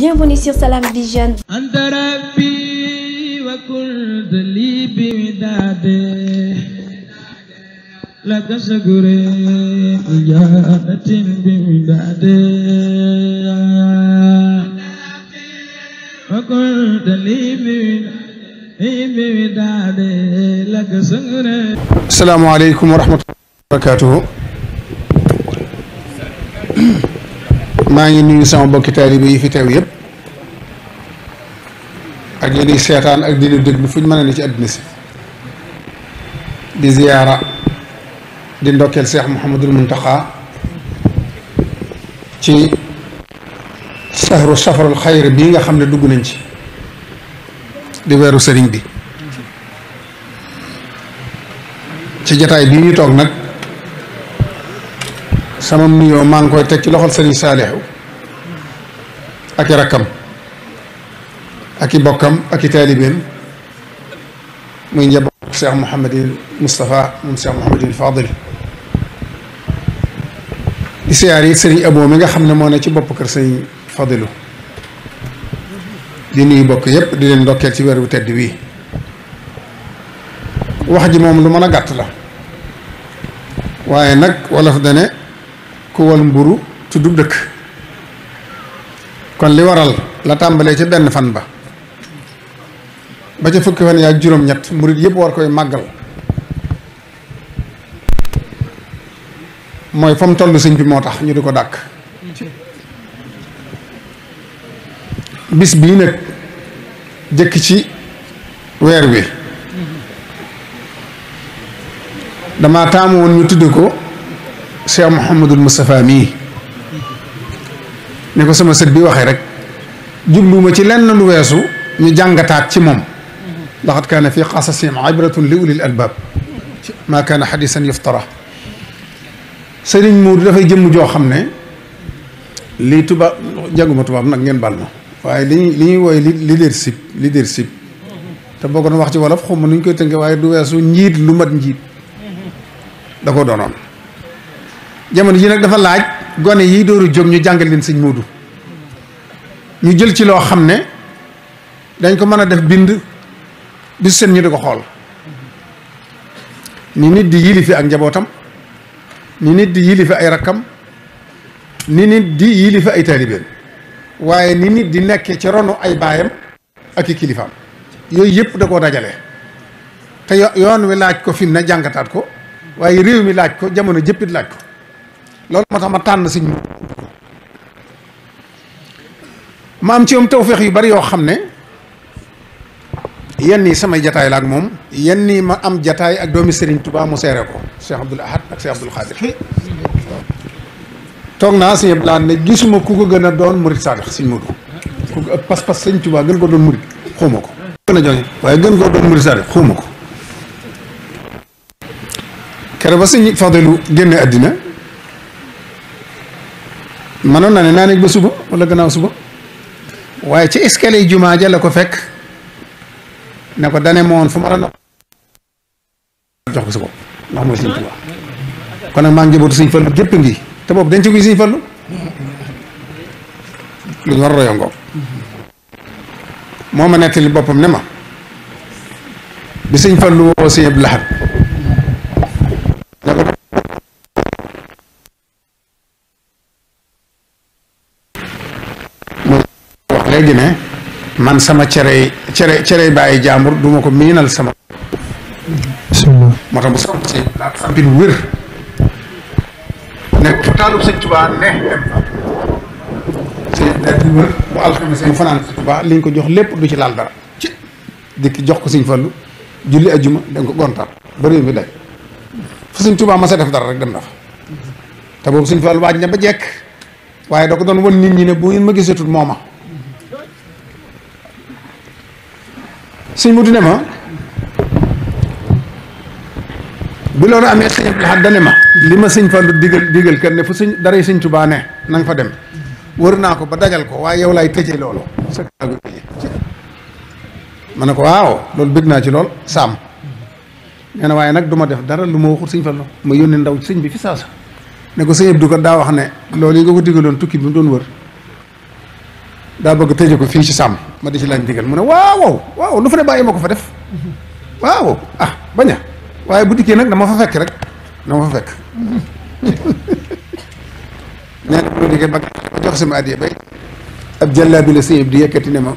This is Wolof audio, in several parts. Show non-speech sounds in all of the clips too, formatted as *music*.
Bienvenue sur Salam Vision. لك شكر إجابة بوداده وقلت لي بوداده لك شكر السلام عليكم ورحمة الله وبركاته maa ngi nuyu sama bokki taalibe yi fi teew yëpp ak yi ñuy seetaan ak di ñu déglu fu mën a ne ci àddina si di ziyaara di ndokkeel Seex Muhammadul Muntaxa ci sahru safarul xayr bii nga xam ne dugg nañ ci di weeru sëriñ bi ci jataay bii ñu toog nag sama nuyoo maa ngi koy teg ci loxol sëriñ Saalihu ak i rakkam ak i bokkam ak i taalibeem muy njaboot Cheikh Mouhamadil Moustapha moom Cheikh Mouhamadil Fadil di siyaar yi sëriñ Abo mi nga xam ne moo ne ci bopp kër sëriñ Fadilu di nuyu bokk yépp di leen ndokkeel ci weer wu tedd wii wax ji moom lu mën a gàtt la waaye nag wolof da ne ku mburu tuddub dëkk kon li waral la tàmbalee ca benn fan ba ba ca fukki fan yaa juróom-ñett murit yëpp war koy màggal mooy fa mu toll bi moo tax ñu di ko dàkk bis bii nag jëkk ci weer wi dama taamu woon ñu tudde ko Cheikh Mouhamadul Moustapha mii ni ko sama sët bi waxee rek jubluwuma ci lenn lu weesu ñu jàngataat ci moom laqad kaana fi qasasihim ibratun li ulil albaab maa kaana hadiisan yuftara sëriñ Mourou dafay jëmm joo xam ne li tubaab jànguma tubaab nag ngeen baal ma waaye li ñuy li ñuy woowee leadership leadership te boo ko wax ci wolof xaw ma nu ñu koy tënkee waaye du weesu njiit lu mat njiit da ko doonoon. jamono ji nag dafa laaj gone yi dooru jóg ñu jàngal leen sëñ Moodu ñu jël ci loo xam ne dañ ko mën a def bind du seen ñu di ko xool ni nit di yilife ak njabootam ni nit di yilife ay rakkam ni nit di yilife ay taalibeem waaye ni nit di nekkee ci ronu ay baayam ak i kilifaam yooyu yëpp da koo dajale te yoon wi laaj ko fi na jàngataat ko waaye réew mi laaj ko jamono jëppit laaj ko loolu moo tax ma tànn sëñ ma am ci moom tawféex yu bari yoo xam ne yenn yi samay jataay laa ak moom yenn yi ma am jataay ak doomi Serigne tubaa mu seeree ko Cheikh Abdoul Ahad ak Cheikh Abdoul Khadir toog naa sëñ Abdoul Ahad ne gisuma ku ko gën a doon murit saadax sëñ Modou ku ko ëpp pas-pas sëñ Touba gën ko doon murit xawma ko gën a joxe waaye gën ko kere ba sëñ Fadilu génne àddina mënoon na ne naa nekk ba suba wala gannaaw suba waaye ci escalier jumaa ja la ko fekk ne ko dane moon fu ma la jox ko sa bopp ndax mooy sëñ Tuubaa kon nag maa ngi njabootu sëñ Fallu ngi te boobu denc ko sëñ Fallu lu war a royo ngoog moo ma nettali boppam ne ma bi sëñ Fallu woo sëñ Abdou Lahad léegi man sama cerey cere bàyyi jàmbur du ma ko miinal sama bismillah moo tax bu sam si daa sampin wér mu fanaan sëñ liñ ko jox lépp du ci laal dara ci dikk jox ko sëñ Fallu julli ajjuma da nga ko gontal bëri bi day fu sëñ Tuubaa ma sa def dara rek dem na fa te boobu sëñ waaj na ba jekk waaye da ko doon won nit ñi ne bu ngeen ma gisatul mooma sëñ Mudu ne ma bu loolu amee sëñ Abdul Ahad dane ma li ma sëñ Fallu digal digal kër ne fu sëñ dara sëñ Tuubaa ne fa dem wër naa ko ba dajal ko waaye yow laay tëjee loolu sa kàggu ne ko waaw loolu bëgg naa ci lool saam nee na waaye nag du def dara lu ma waxut sëñ Fallu ma yónnee ndaw sëñ bi fi saasa ne ko sëñ Abdu daa wax ne loolu yi nga ko digaloon tukki bi mu doon wër daa bëgg tëje ko fii ci sàmm ma di ci laaj ndigal mu ne waaw waaw lu fa ne bàyyi ma ko fa def waaw ah baña waaye bu dikkee nag dama fa fekk rek dama fa fekk nee *laughs* na bu dikkee ba jox sama addiya bay ab jàllaa bi la sëñ bi di yëkkati ne ma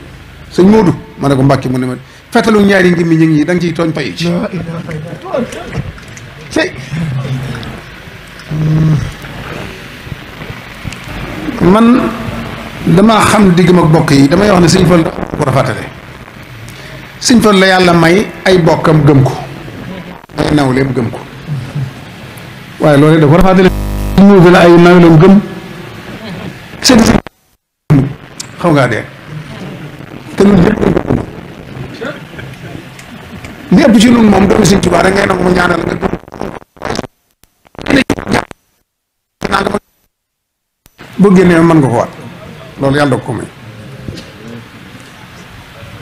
sëñ Moodu ma ne ko Mbàkke mu ne ma fetalu ñaari ngi mi ñu ngi ciy tooñ payu ci hmm. man damaa xam diggam ak bokk yi damay wax ne sëñ Fallu ko rafatale sëñ Fallu la yàlla may ay bokkam gëm ko ay nawleem gëm ko waaye loolu da ko a ay nawleem gëm ngaa dee te lu lépp li moom doomu sëñ Tuubaa rek ngay nangu boo génnee mën nga ko waat loolu yàlla doog ko may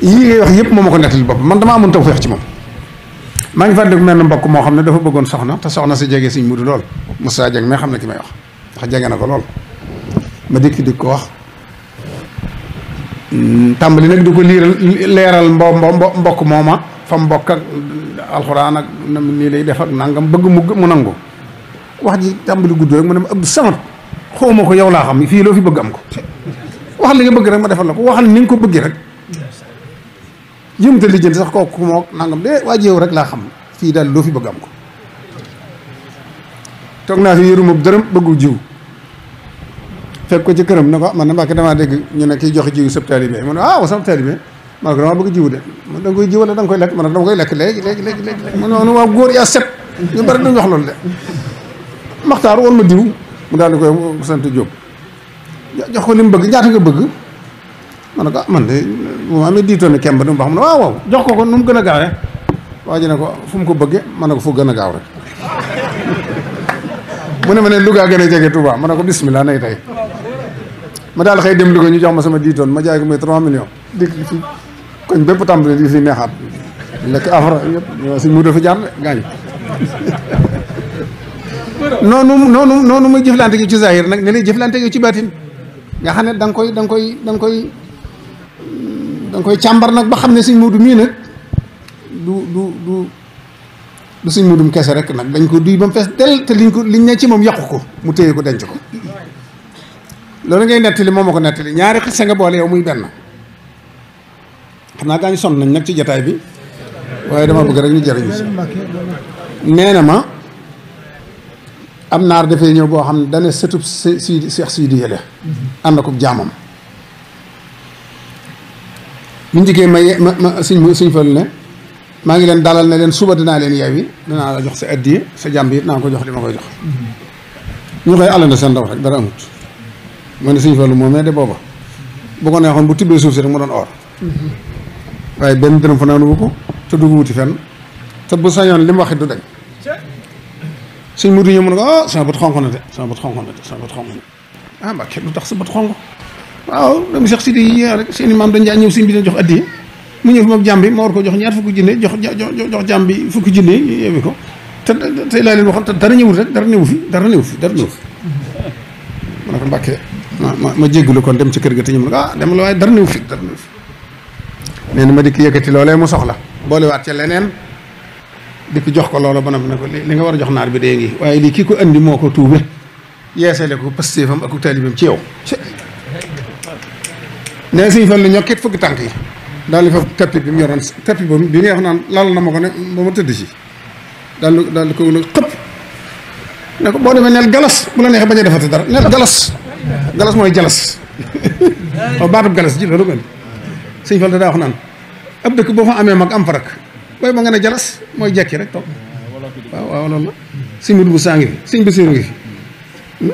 yii ngay wax yëpp moom ma ko nettali bopp man damaa amoon tawfeex ci moom maa ngi fàttaliku mel na mbokk moo xam ne dafa bëggoon soxna te soxna si jege siñ mudu lool Moussa Dieng mais xam na ki may wax ndax jege na ko lool ma dikk ko wax hmm, nag di leeral mbo mbo mbokk mooma fa mbokk ak alxuraan ak nii lay def ak nangam bëgg mu mu nangu wax ji tàmbali gudd rek mu ne ma Abdou Samad xawma ko yow laa xam fii loo fi bëgg am ko li bëgg rek ma defal la ko waxal ni nga ko bëggee rek yëm te lijjanti sax kooku moo nangam de waa jéew rek laa xam fii daal loo fi bëgg am ko toog naa fi yëruma dërëm bëggu jiw fekk ko ci këram ne ko ah man na Mbàkke damaa dégg ñu ne kiy joxe jiw sab taalibe mu ne ah sab taalibe ma ne ko damaa man da koy jiw wala da nga koy lekk man dama koy lekk léegi léegi léegi léegi mu ne waaw góor yaa set ñu bari duñ wax loolu de maxtaar woon ma diw mu daal di koy sant Jóob jox ko li mu bëgg ñaata nga bëgg ma ne ko ah, man de bu ma amee diitoon kemb du mu baax mu ne waaw waaw jox ko ko nu mu gën a gaawee waa ne ko fu mu ko bëggee ma ne ko fu gën a gaaw rek *laughs* mu ne ma ne Louga a ma ko bismillah nay tey ma daal xëy dem Louga ñu jox ma sama diitoon ma jaay ko muy 3 millions dikk fi koñ mu dafa jaar de gaañ *laughs* noonu noonu noonu muy jëflante gi ci zahir nag ne lay jëflante gi ci baatin nga xam ne da koy danga koy danga koy da koy càmbar nag ba xam ne sëñ Moodu mii nag du du du du sëñ Moodum kese rek nag dañ ko duy ba mu fees del te liñ ko liñ ne ci moom yàqu ko mu téye ko denc ko loolu ngay nettali moom ma ko nettali ñaari xase nga boole yow muy benn xam naa gaa ñu sonn nañ nag ci jataay bi waaye dama bëgg rek ñu jëriñu si nee ma am naar dafay ñëw boo xam ne dane sëtub si si Seex Siidi yële mm-hmm. ànd ak jaamam ñu njëkkee ma ma ma suñ suñ fël ne maa ngi leen dalal ne leen suba dinaa leen yeewi dinaa la jox sa addiya sa jàmb it naa ko jox li ma koy jox mm-hmm. ñu koy àllante seen ndaw rek dara amut mu ne suñ fël moomee de booba bu ko neexoon bu tibbee suuf si rek mu doon or mm-hmm. waaye benn dërëm fa naanu ko te dugg wuti fenn te bu sañoon li mu waxit du dañ suñ mudu ñëw mu ne ko ah sama bët xonq na de sama bët xonq na de sama bët xonq na ah mbaa kenn lu tax sa bët xonq waaw dama seex si di rek seen i maam dañ daan ñëw sëñ bi dañ jox addiye mu ñëw fi moom jàmm bi ma war ko jox ñaar fukki junne jox jox jàmm bi fukki junne yeewi ko te tey laa leen waxoon te dara ñëwul rek dara ñëwu fi dara ñëwu fi dara ñëwu fi ma ne ko mbàkkee ma ma jéggulu kon dem ci kër ga te ñu ne ah dem la waaye dara ñëwu fi dara ñëwu fi nee na ma dikk yëkkati loolee mu soxla boolewaat ca leneen dikk jox ko loola ba noppi ne ko li nga war a jox naar bi dee ngi waaye lii ki ko andi moo ko tuube yeesale ko pastéefam ak taalibeem ci yow. nee suñ fan la ñokkit fukki tànk yi daal di fa tappi bi mu yoroon tappi boobu bi nga wax naan lal na ma ko ne ba ma tëdd ci daal di daal di ko ne ko boo demee neel galas bu la neexee bañ a defati dara neel galas galas mooy jalas *laughs* waaw baatub galas ji loolu gën suñ fan daa wax naan ab dëkk boo fa amee mag am farak booy ba nga ne jalas mooy jekki rek toog waaw waaw loolu la sëñ Mudu Musaa ngi fi ngi hmm?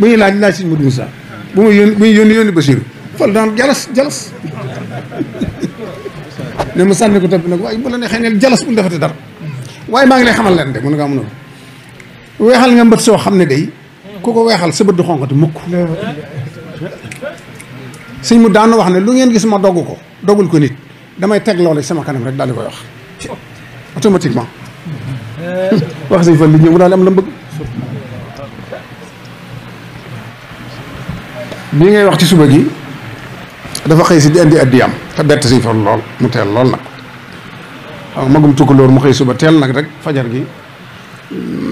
bu ñuy laaj laaj sëñ Mudu Musaa bu muy yónni bu ñuy yónni yónni Basiru fal daan jalas jalas *laughs* ne ma sànni ko topp nag waaye bu dara waaye maa ngi lay xamal leen de mun nga mun a weexal nga mbët soo xam ne day ku ko weexal sa bët du xonqati mukk mu daan wax ne lu ngeen gis ma dogg ko doggul ko nit damay teg loolu sama kanam rek daal di koy wax automatiquement wax si fan li ñëw daal am la bëgg bii ngay wax ci suba gi dafa xëy si di andi addiyam te bett si fan lool mu teel lool nag waaw magum tukkuloor mu xëy suba teel nag rek fajar gi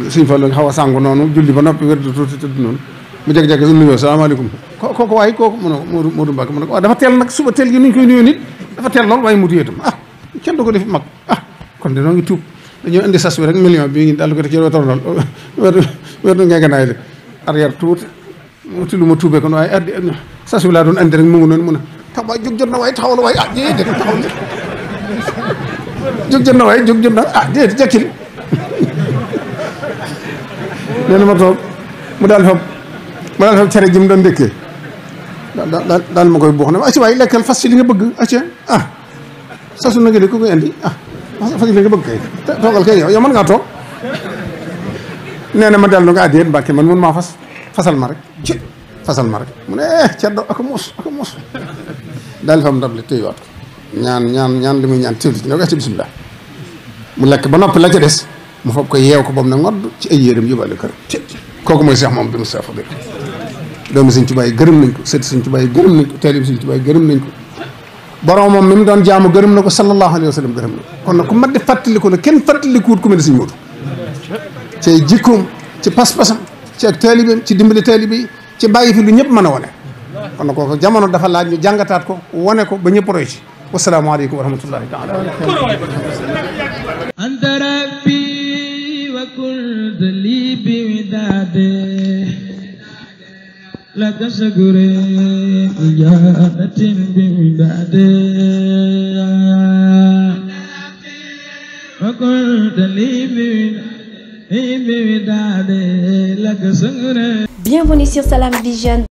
suñ fa la xaw a sàngu noonu julli ba noppi wér tuuti tuuti noonu mu jékki-jékki suñu nuyoo salaamaaleykum kooku waaye kooku mu ne Modou Modou Mbacke mu ne ko waaw dafa teel nag suba teel gi nuñ koy nuyoo nit dafa teel lool waaye mu tuyee tam ah kenn du ko def mag ah kon de noo ngi tuub dañoo indi sas bi rek million bi ngi dal ko def ci wetorndal weer du ngeganaay li arrière tuuti lu ma tuubee kon waaye addi sas bi laa doon andi a tax na waaye taxawal waaye ah jé dé taxawal jóg jot na waaye jekkil nee ma toog mu daal fab mu daal fab cere ji mu doon ndékkee daal ma koy buux ne ma acca waaye lekkal fas ci li nga bëgg acca ah. sa su na nga di ko koy indi ah fas yéene nga bëgg kay toogal kay yow yow mën ngaa toog nee na ma dellu nga àddi yéen Mbàkke man mun maa fas fasal ma rek ci fasal ma rek mu ne eh ceddo ak muus ak muus daal di fa am ñaan ñaan ñaan li muy ñaan teewlu ci ne ko mu lekk ba noppi la ca des mu fab ko yeew ko boobu ne ngodd ci ay yéeram yóbbaale kër kooku mooy Cheikh Mouhamadou Moustapha Fadil doomi Sëñ Tuubaa yi gërëm nañ ko sët Sëñ Tuubaa yi gërëm nañ ko taalibe Sëñ Tuubaa yi gërëm nañ ko boromam mi mu doon jaamu gërëm na ko sallallahu alayhi wa sallam gërëm na kon nag ku mat di fàttaliku la kenn fàttalikuwut ku mel ni Sëñ Moodu ci jikkoom ci pas-pasam ci ak taalibeem ci dimbali taalibe yi ci bàyyi fi lu ñëpp mën a wane kon nag kooku jamono dafa laaj ñu jàngataat ko wone ko ba ñëpp roy ci wasalaamaaleykum wa rahmatullahi taala anta rabbi wa kun li مهديا وقلت لي Bienvenue sur Salam Vision.